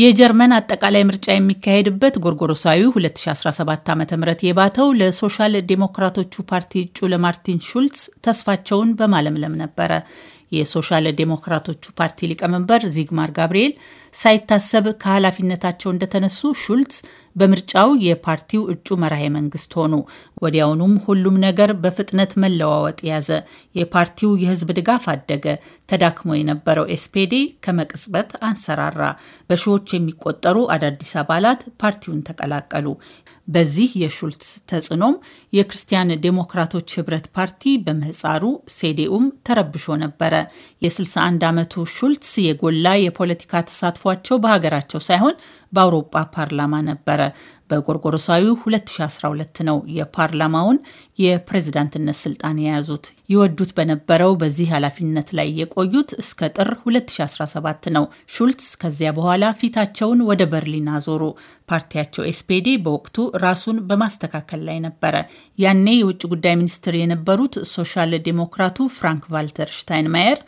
የጀርመን አጠቃላይ ምርጫ የሚካሄድበት ጎርጎሮሳዊ 2017 ዓ ም የባተው ለሶሻል ዴሞክራቶቹ ፓርቲ እጩ ለማርቲን ሹልስ ተስፋቸውን በማለምለም ነበረ። የሶሻል ዴሞክራቶቹ ፓርቲ ሊቀመንበር ዚግማር ጋብርኤል ሳይታሰብ ከኃላፊነታቸው እንደተነሱ ሹልትስ በምርጫው የፓርቲው እጩ መራሄ መንግስት ሆኑ። ወዲያውኑም ሁሉም ነገር በፍጥነት መለዋወጥ ያዘ። የፓርቲው የህዝብ ድጋፍ አደገ። ተዳክሞ የነበረው ኤስፔዴ ከመቅጽበት አንሰራራ። በሺዎች የሚቆጠሩ አዳዲስ አባላት ፓርቲውን ተቀላቀሉ። በዚህ የሹልትስ ተጽዕኖም የክርስቲያን ዴሞክራቶች ህብረት ፓርቲ በምህፃሩ ሴዴኡም ተረብሾ ነበረ። የ61 ዓመቱ ሹልትስ የጎላ የፖለቲካ ተሳትፎ ተሳትፏቸው በሀገራቸው ሳይሆን በአውሮጳ ፓርላማ ነበረ። በጎርጎሮሳዊ 2012 ነው የፓርላማውን የፕሬዝዳንትነት ስልጣን የያዙት። ይወዱት በነበረው በዚህ ኃላፊነት ላይ የቆዩት እስከ ጥር 2017 ነው። ሹልትስ ከዚያ በኋላ ፊታቸውን ወደ በርሊን አዞሩ። ፓርቲያቸው ኤስፔዴ በወቅቱ ራሱን በማስተካከል ላይ ነበረ። ያኔ የውጭ ጉዳይ ሚኒስትር የነበሩት ሶሻል ዴሞክራቱ ፍራንክ ቫልተር ሽታይንማየር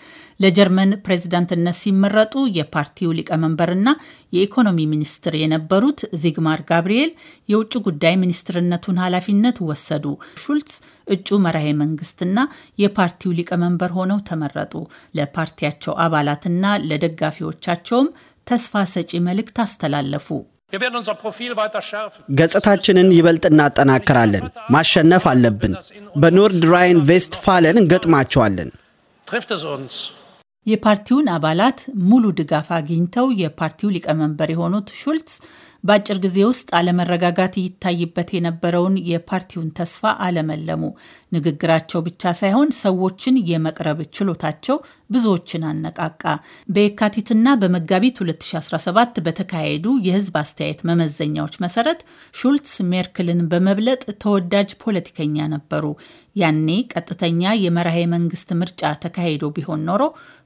ለጀርመን ፕሬዝዳንትነት ሲመረጡ የፓርቲው ሊቀመንበርና የኢኮኖሚ ሚኒስትር የነበሩት ዚግማር ጋብርኤል የውጭ ጉዳይ ሚኒስትርነቱን ኃላፊነት ወሰዱ። ሹልስ እጩ መራሄ መንግስትና የፓርቲው ሊቀመንበር ሆነው ተመረጡ። ለፓርቲያቸው አባላትና ለደጋፊዎቻቸውም ተስፋ ሰጪ መልእክት አስተላለፉ። ገጽታችንን ይበልጥ እናጠናከራለን። ማሸነፍ አለብን። በኖርድ ራይን ቬስትፋለን እንገጥማቸዋለን። የፓርቲውን አባላት ሙሉ ድጋፍ አግኝተው የፓርቲው ሊቀመንበር የሆኑት ሹልትስ በአጭር ጊዜ ውስጥ አለመረጋጋት ይታይበት የነበረውን የፓርቲውን ተስፋ አለመለሙ። ንግግራቸው ብቻ ሳይሆን ሰዎችን የመቅረብ ችሎታቸው ብዙዎችን አነቃቃ። በየካቲትና በመጋቢት 2017 በተካሄዱ የህዝብ አስተያየት መመዘኛዎች መሰረት ሹልትስ ሜርክልን በመብለጥ ተወዳጅ ፖለቲከኛ ነበሩ። ያኔ ቀጥተኛ የመራሄ መንግስት ምርጫ ተካሂዶ ቢሆን ኖሮ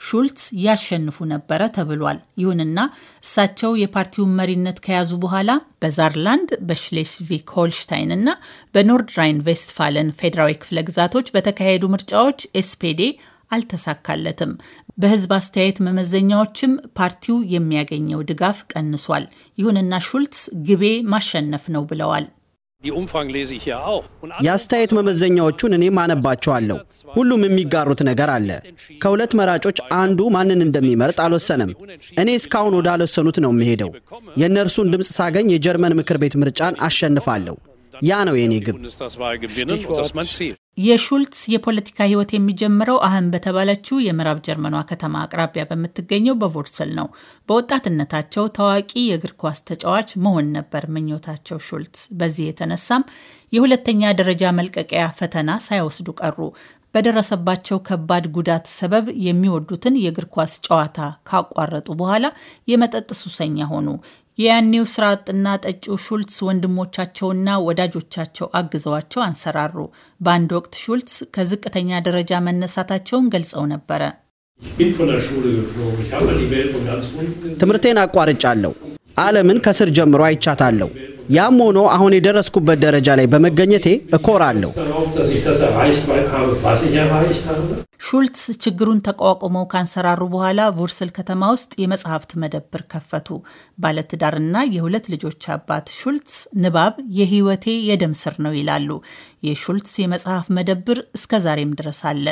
ሹልትስ ያሸንፉ ነበረ ተብሏል። ይሁንና እሳቸው የፓርቲውን መሪነት ከያዙ በኋላ በዛርላንድ በሽሌስቪክ ሆልሽታይን እና በኖርድ ራይን ቬስትፋለን ፌዴራዊ ክፍለ ግዛቶች በተካሄዱ ምርጫዎች ኤስፔዴ አልተሳካለትም። በህዝብ አስተያየት መመዘኛዎችም ፓርቲው የሚያገኘው ድጋፍ ቀንሷል። ይሁንና ሹልትስ ግቤ ማሸነፍ ነው ብለዋል። የአስተያየት መመዘኛዎቹን እኔም አነባቸዋለሁ። ሁሉም የሚጋሩት ነገር አለ። ከሁለት መራጮች አንዱ ማንን እንደሚመርጥ አልወሰነም። እኔ እስካሁን ወዳልወሰኑት ነው የምሄደው። የእነርሱን ድምፅ ሳገኝ የጀርመን ምክር ቤት ምርጫን አሸንፋለሁ። ያ ነው የእኔ ግብ። የሹልትስ የፖለቲካ ህይወት የሚጀምረው አህን በተባለችው የምዕራብ ጀርመኗ ከተማ አቅራቢያ በምትገኘው በቮርሰል ነው። በወጣትነታቸው ታዋቂ የእግር ኳስ ተጫዋች መሆን ነበር ምኞታቸው ሹልትስ። በዚህ የተነሳም የሁለተኛ ደረጃ መልቀቂያ ፈተና ሳይወስዱ ቀሩ። በደረሰባቸው ከባድ ጉዳት ሰበብ የሚወዱትን የእግር ኳስ ጨዋታ ካቋረጡ በኋላ የመጠጥ ሱሰኛ ሆኑ። የያኔው ስራ አጥና ጠጪው ሹልትስ ወንድሞቻቸውና ወዳጆቻቸው አግዘዋቸው አንሰራሩ። በአንድ ወቅት ሹልትስ ከዝቅተኛ ደረጃ መነሳታቸውን ገልጸው ነበረ። ትምህርቴን አቋርጫለሁ። ዓለምን ከስር ጀምሮ አይቻታለሁ። ያም ሆኖ አሁን የደረስኩበት ደረጃ ላይ በመገኘቴ እኮራለሁ። ሹልትስ ችግሩን ተቋቁመው ካንሰራሩ በኋላ ቡርስል ከተማ ውስጥ የመጽሐፍት መደብር ከፈቱ። ባለትዳርና የሁለት ልጆች አባት ሹልትስ ንባብ የህይወቴ የደም ስር ነው ይላሉ። የሹልትስ የመጽሐፍ መደብር እስከ ዛሬም ድረስ አለ።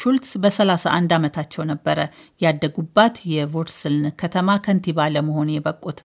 ሹልትስ በ31 ዓመታቸው ነበረ ያደጉባት የቮርስልን ከተማ ከንቲባ ለመሆን የበቁት።